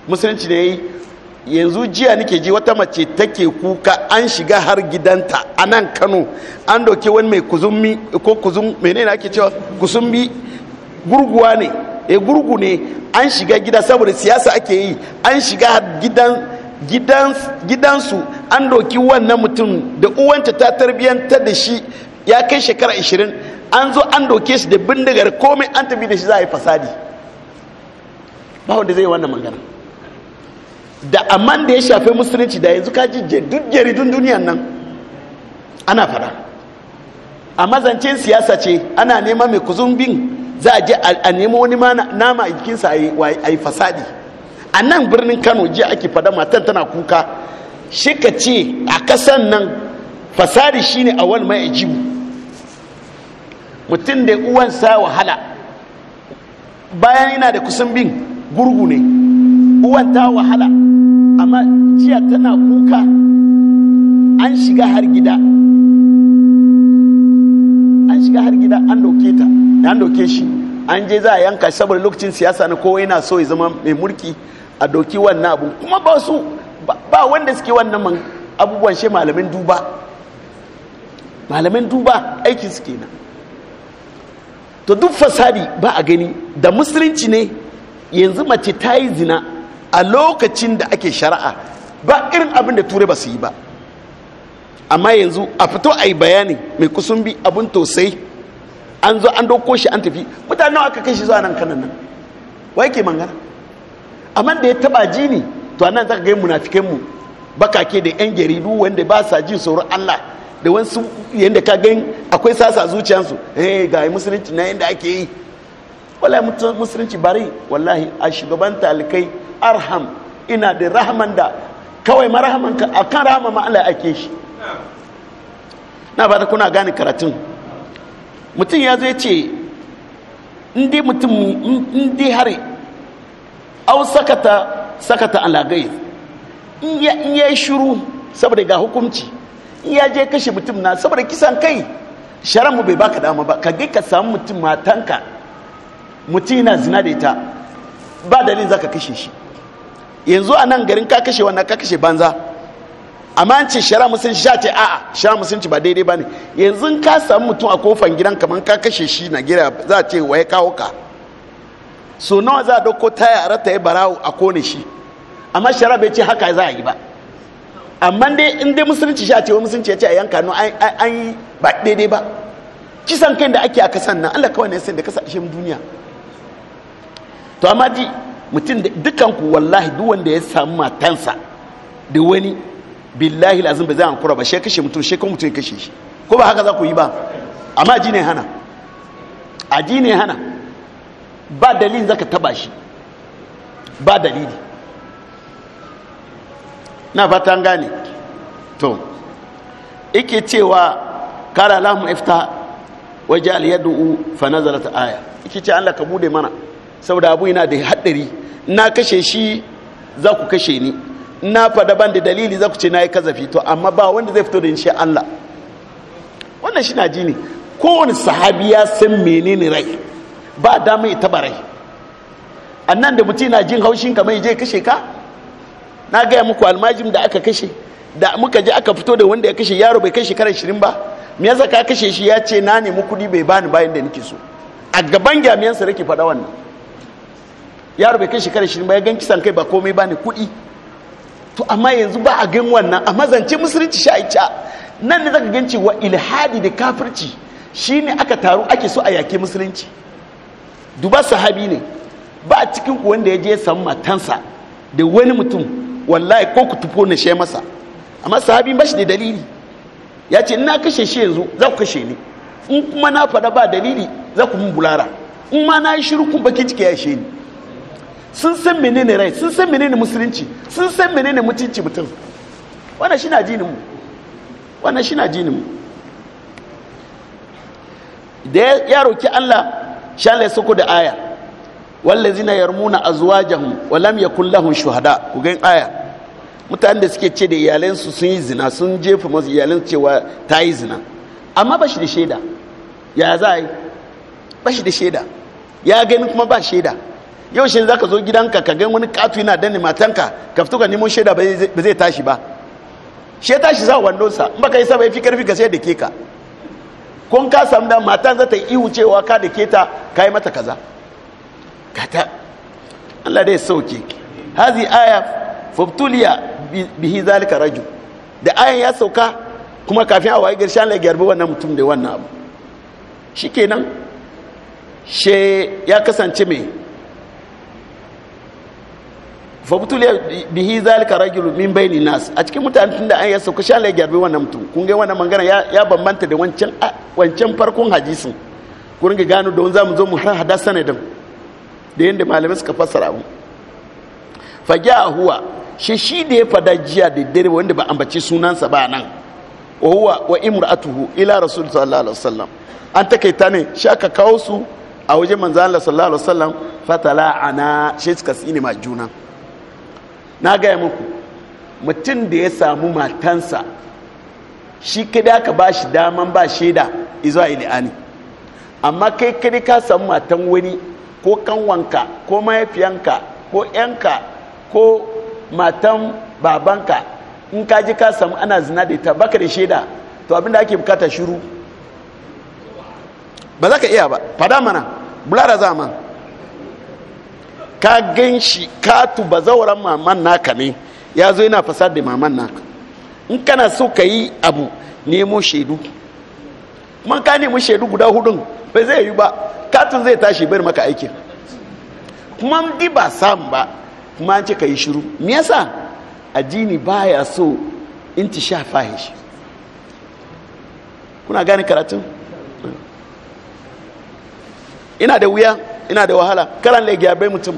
musulunci ne yanzu jiya nake ji wata mace take kuka an shiga har gidanta a nan kano an dauke wani mai kuzummi ko kuzum menene ake cewa kuzummi gurguwa ne e gurgu ne an shiga gida saboda siyasa ake yi an shiga har gidan gidansu an doki wannan mutum da uwanta ta tarbiyyanta da shi ya kai shekara 20 an zo an doke shi da bindigar komai an tafi da shi za a yi fasadi ba wanda zai yi wannan magana da amman da ya shafi musulunci da yanzu kaji duk jaridun duniyan nan ana fara a mazancin siyasa ce ana nema mai kuzun bin za a je a nemo wani ma nama a jikinsa a yi fasadi a nan birnin kano ji ake fada matan tana kuka shi ka ce a kasan nan fasadi shine a wani mai ajibu mutum da uwansa wahala bayan yana da kusan bin gurgu ne uwan ta wahala amma jiya tana kuka an shiga har gida an shiga har gida an dauke ta an dauke shi an je za a yanka saboda lokacin siyasa na kowa yana so ya zama mai mulki a doki wannan abu kuma ba su ba wanda suke wannan man abubuwan shi malamin duba malamin duba aikin suke na to duk fasadi ba a gani da musulunci ne yanzu mace ta yi zina a lokacin da ake shari'a ba irin abin da ture ba su yi ba amma yanzu a fito a yi bayani mai kusan bi abin tosai an zo an doko shi an tafi mutane aka kai shi zuwa nan kanan nan wai ke mangana amma da ya taba ji ne to a nan zaka ga munafikan mu bakake da yan geridu wanda ba sa ji tsoron Allah da wasu yanda ka gani akwai sasa zuciyansu eh ga musulunci na yanda ake yi wallahi musulunci bari wallahi a shugaban talikai arham ina da rahaman da kawai ka a kan rahama ma a ake shi na ba ta kuna gane karatun mutum ya zai ce ndi mutum ndi hari au sakata sakata alagai in ya yi shuru saboda ga hukunci in ya je kashe mutum na saboda kisan kai mu bai baka dama ba ka ka samu mutum matanka mutum yana zina da ita ba dalilin zaka kashe shi yanzu a nan garin ka kashe wannan ka kashe banza amma an ce shara musulunci sha ce a'a shara musulunci ba daidai ba ne yanzu ka samu mutum a kofan gidan kamar ka kashe shi na gira za a ce waye kawo ka so nawa za a dauko taya a ya barawo a kone shi amma shara bai ce haka za a yi ba amma dai in dai musulunci sha ce wa musulunci ya ce a yanka no an yi ba daidai ba kisan kai da ake a kasan nan allah kawai ne sai da kasashen duniya to amma ji mutum dukan ku wallahi duk wanda ya samu matansa da wani billahi lazim ba zai kura ba shi kashe mutum shi kuma mutum ya kashe shi ko ba haka za ku yi ba amma aji ne hana aji ne hana ba dalilin ka taba shi ba dalili na fata an gane to ike cewa kara lamun ifta waje al yad'u fa nazalat aya ike ce Allah ka bude mana saboda abu yana da haɗari na kashe shi za ku kashe ni na fada ban da dalili za ku ce na yi kazafi to amma ba wanda zai fito da shi Allah wannan shi na ji ne kowane sahabi ya san menene rai ba damar ya ba rai annan da mutum na jin haushin kamar ya je kashe ka na gaya muku almajin da aka kashe da muka ji aka fito da wanda ya kashe yaro bai kashe shekara shirin ba me yasa ka kashe shi ya ce na nemi kuɗi bai bani bayan da nake so a gaban gyamiyansa rake nake faɗa wannan yaro bai kai shekara shirin ba ya gan kisan kai ba komai ba ne kuɗi to amma yanzu ba a gan wannan amma zance musulunci sha ica nan ne zaka ganci wa ilhadi da kafirci shine aka taru ake so a yake musulunci duba sahabi ne ba a cikin ku wanda ya je samu matansa da wani mutum wallahi ko ku tufo na she masa amma sahabi ba shi da dalili ya ce ina kashe shi yanzu za ku kashe ni in kuma na faɗa ba dalili za ku mun bulara in ma na yi shiru kun bakin ciki ya she ni sun san menene rai sun san menene musulunci sun san menene mutunci mutum wannan shi na jinin mu wannan shi na jinin mu da ya roki Allah sha Allah suku da aya wallazina yarmuna azwajahum wa lam yakul lahum shuhada ku ga aya mutanen da suke ce da iyalansu sun yi zina sun jefa masu iyalan cewa ta yi zina amma ba shi da shaida ya za a yi ba shi da shaida ya gani kuma ba shaida yau shi zaka zo gidanka ka gan wani katu yana danne matanka ka fito ka nemo shaida ba zai tashi ba shi ya tashi za sa in baka yi sa bai fi karfi ka sai da ke ka kun ka samu da matan za ta yi ihu cewa ka da ke ta ka yi mata kaza kata Allah dai sauke hazi aya fubtuliya bihi zalika raju da ayan ya sauka kuma kafin a wayi garshen la garbi wannan mutum da wannan abu shikenan she ya kasance mai fabutuliya bihi zalika rajulu min baini nas a cikin mutane da an ya sauka sha Allah wannan mutum kun ga wannan magana ya bambanta da wancan wancan farkon hadisin ku ringa gano don zamu zo mu hada sanadin da yanda malamai suka fassara mu faja huwa shi shi da ya fada jiya da dare wanda ba ambaci sunansa ba nan wa huwa wa imra'atuhu ila rasul sallallahu alaihi wasallam an takaita ne shi aka kawo su a wajen manzo Allah sallallahu alaihi wasallam fatala ana shi suka ma juna na gaya muku mutum da ya samu matansa shi kada ka ba shi daman ba shaida izuwa ili'ani amma kai kada ka samu matan wani ko kanwanka ko mahaifiyanka ko yanka ko matan babanka in ka ji ka samu ana zina da ita baka da shaida to abinda ake bukata shiru ba za ka iya ba fada mana bulara zaman ka gan shi ka tuba zauren maman naka ne ya zo yana fasar da maman naka in kana so ka yi abu nemo shaidu kuma ka nemi shaidu guda hudun ba zai yi ba katun zai tashi bar maka aikin kuma di ba samu ba kuma an ce ka yi shiru me yasa addini ya so in ti sha fahishi kuna gane karatun ina da wuya ina da wahala karan la gyarbe mutum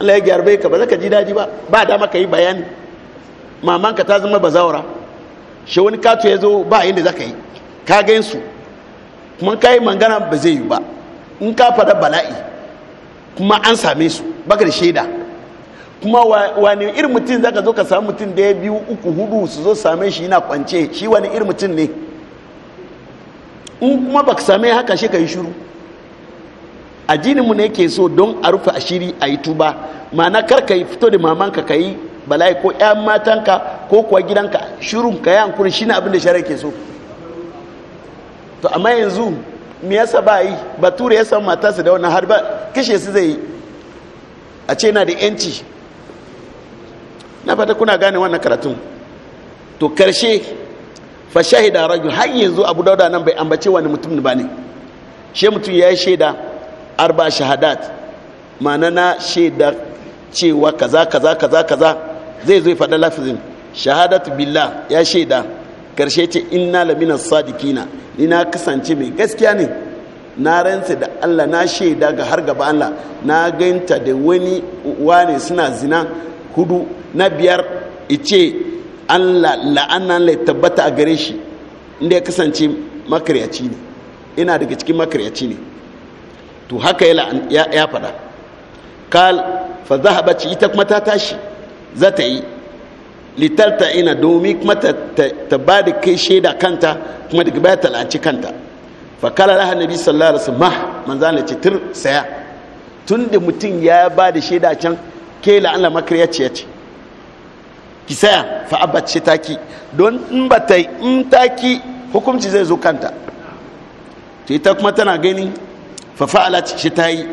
Allah ya gyarbe ka ba zaka ji daji ba ba da maka yi bayani maman ka ta zama bazawara shi wani kato ya zo ba inda zaka yi ka ga su kuma ka yi mangana ba zai yi ba in ka fada bala'i kuma an same su baka da shaida kuma wani irin mutum zaka zo ka samu mutum da ya biyu uku hudu su zo same shi yana kwance shi wani irin mutum ne in kuma baka same haka shi ka yi shiru ajininmu ne ke so don a rufe ashiri a yi tuba ma'ana kar ka yi fito da mamanka ka yi bala'i ko 'yan matanka ko kuwa gidanka shirin ka yi hankuri shi ne abin da shari'a ke so to amma yanzu mu yasa ba yi bature ya san matarsa da wannan har ba kishe su zai yi a ce na da yanci na fata kuna gane wannan karatun to karshe fa da rajul har yanzu abu dauda nan bai ambace wani mutum ba ne shi mutum ya yi shaida arba shahadat ma'ana na shaida cewa kaza kaza kaza kaza zai zo faɗa lafizin shahadat billah ya shaida karshe ce inna lamina sadikina ni na kasance mai gaskiya ne na rantsa da Allah na shaida ga har gaba Allah na ganta da wani wane suna zina hudu na biyar ice Allah la'anan lai tabbata a gare shi inda ya kasance makaryaci ne ina daga cikin makaryaci ne to haka ya fada kal fa ci ita kuma ta tashi za ta yi litarta ina domin kuma ta ba da kai shaida kanta kuma daga baya ta lanci kanta fa kala laha nabi sallallahu alaihi wasallam manzo Allah ce tur saya tunda mutum ya ba da shaida can ke la Allah makriya ce ce ki saya fa abace taki don in ba ta in taki hukunci zai zo kanta to ita kuma tana gani fa fa'alat shi ta yi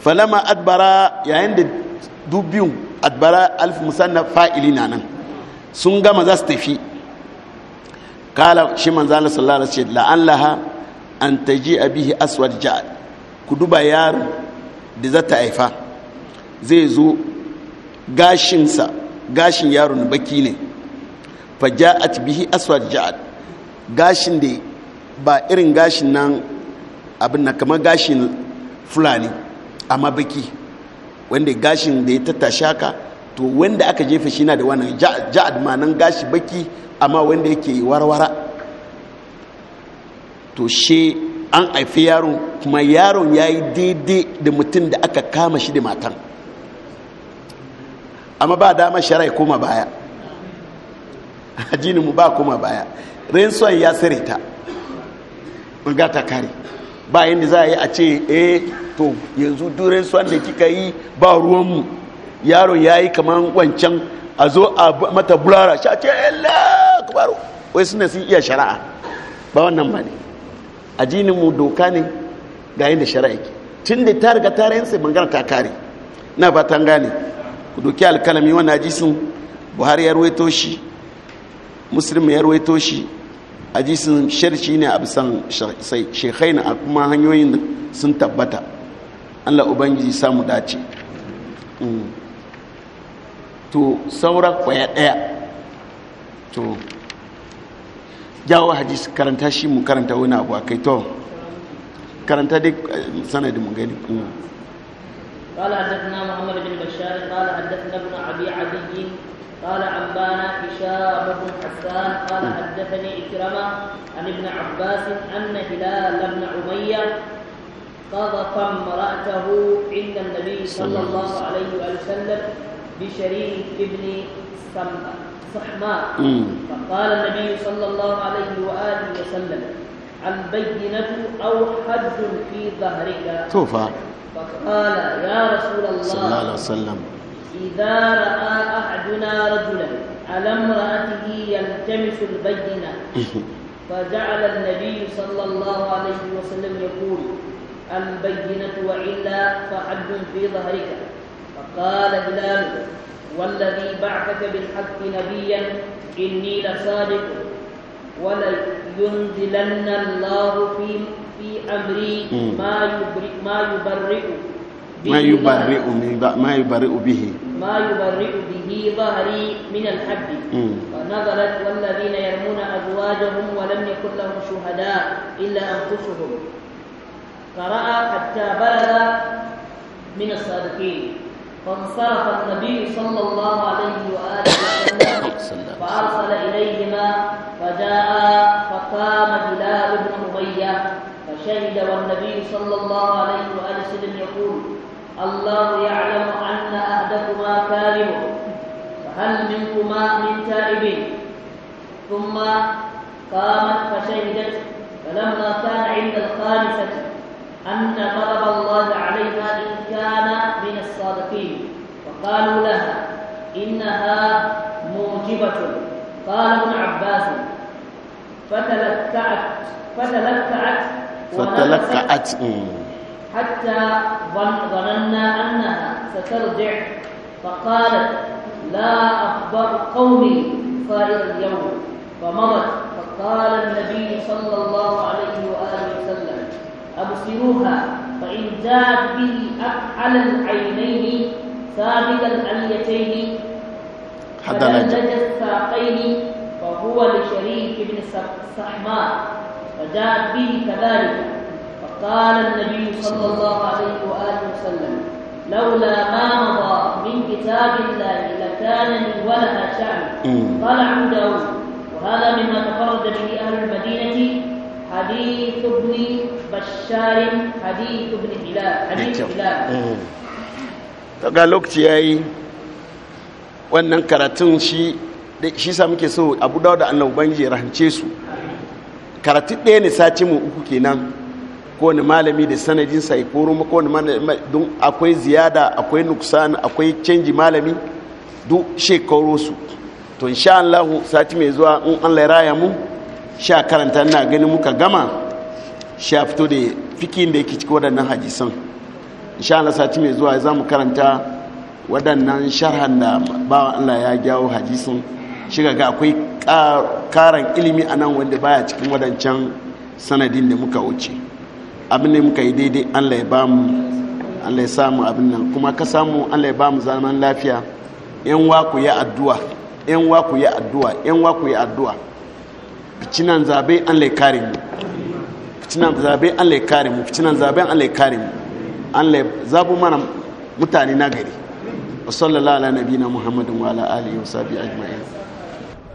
falama adbara yayin da dubiyun adbara alf musanna fa'ili na nan sun gama za su tafi kala shi manzo Allah sallallahu alaihi la'an laha an a abihi aswad ja'ad ku duba yaron da za ta haifa zai zo gashinsa gashin yaron baki ne fa ja'at bihi aswad ja'ad gashin da ba irin gashin nan abin na kamar gashin fulani a baki wanda gashin da ya tattashi haka to wanda aka jefa shi na da wannan ja'ad ma nan gashi baki amma wanda yake warwara to she an haifi yaron kuma yaron ya yi daidai da mutum da aka kama shi da matan amma ba dama sharai koma baya [laughs] mu ba koma baya rinsuwan ya sirita ta kare ba yadda za a yi a ce eh to yanzu durin su da kika yi ba ruwanmu yaron ya yi kamar wancan a zo a mata bulara sha ce yalla kubaru wai suna sun iya shara'a ba wannan ba ne mu doka ne ga yadda shara'a ke tun da ta riga ta rayansa magana ta kare na fatan gane ku doki alkalami wani ajisun buhari ya ruwaito shi musulmi ya ruwaito shi hadisin sharci ne a bisan shekai na kuma hanyoyin sun tabbata allah ubangiji samu dace mm. to saura kwaya daya to jawo hadisi karanta shi mu karanta wani abu kai to karanta dai eh, sanadin mu gani mm. قال حدثنا محمد بن بشار قال حدثنا ابن ابي عدي قال عبانا هشام بن حسان قال حدثني إكرمة عن ابن عباس أن هلال بن عمية قذف امرأته عند النبي صلى الله عليه وسلم بشريك بن صحماء فقال النبي صلى الله عليه وآله وسلم البينة أو حد في ظهرك توفى فقال يا رسول الله صلى الله عليه وسلم إذا رأى أحدنا رجلا على امرأته يلتمس البينة فجعل النبي صلى الله عليه وسلم يقول البينة وإلا فحد في ظهرك فقال بلال والذي بعثك بالحق نبيا إني لصادق ولينزلن الله في في أمري ما يبرئ ما يبرئ ما يبرئ ما يبرئ به ما يبرئ به ظهري من الحب ونظرت والذين يرمون أزواجهم ولم يكن لهم شهداء إلا أنفسهم فرأى حتى بلغ من الصادقين فانصرف النبي صلى الله عليه وآله وسلم [coughs] فأرسل إليهما فجاء فقام بلال بن أمية فشهد والنبي صلى الله عليه وآله وسلم يقول الله يعلم أن أحدكما كارم فهل منكما من تائب ثم قامت فشهدت فلما كان عند الخامسة أن غضب الله عليها إن كان من الصادقين فقالوا لها إنها موجبة قال ابن عباس فتلكعت فتلكعت فتلكعت حتى ظننا أنها سترجع فقالت لا أخبر قومي صائر اليوم فمضت فقال النبي صلى الله عليه وآله وسلم أبصروها فإن جاءت به أكحل العينين العليتين حتى فدلج الساقين فهو لشريك بن الصحماء فجاءت به كذلك قال النبي صلى الله عليه وآله وسلم لولا ما مضى من كتاب الله لكان من ولها شعب قال عن داود وهذا مما تفرد به أهل المدينة حديث ابن بشار حديث ابن بلال حديث بلال ga lokaci ya yi wannan karatun shi shi sa muke so abu dawo da allah ubangiji rahance su karatun ɗaya ne sa mu uku kenan kowane malami da sanadinsa ya koro maka wani malami don akwai ziyada akwai nuksan akwai canji malami duk shekaru su to sha Allah sati mai zuwa in Allah ya raya mu sha karanta na gani muka gama sha fito da fikin da yake cikin wadannan hadisan sha Allah sati mai zuwa za mu karanta wadannan sharhan da bawa Allah ya jawo hadisan shiga ga akwai karan ilimi a nan wanda baya cikin wadancan sanadin da muka wuce abin da muka yi daidai allah ya bamu allah ya samu abin nan kuma ka samu allah ya bamu zaman lafiya yan waku ya addu'a yan waku ya addu'a yan waku ya addu'a ficinan zabe allah ya kare mu ficinan zabe allah ya kare mu ficinan zabe allah ya kare mu allah ya zabo mana mutane na gari wa sallallahu ala nabiyina muhammadin wa ala alihi wa sahbihi ajma'in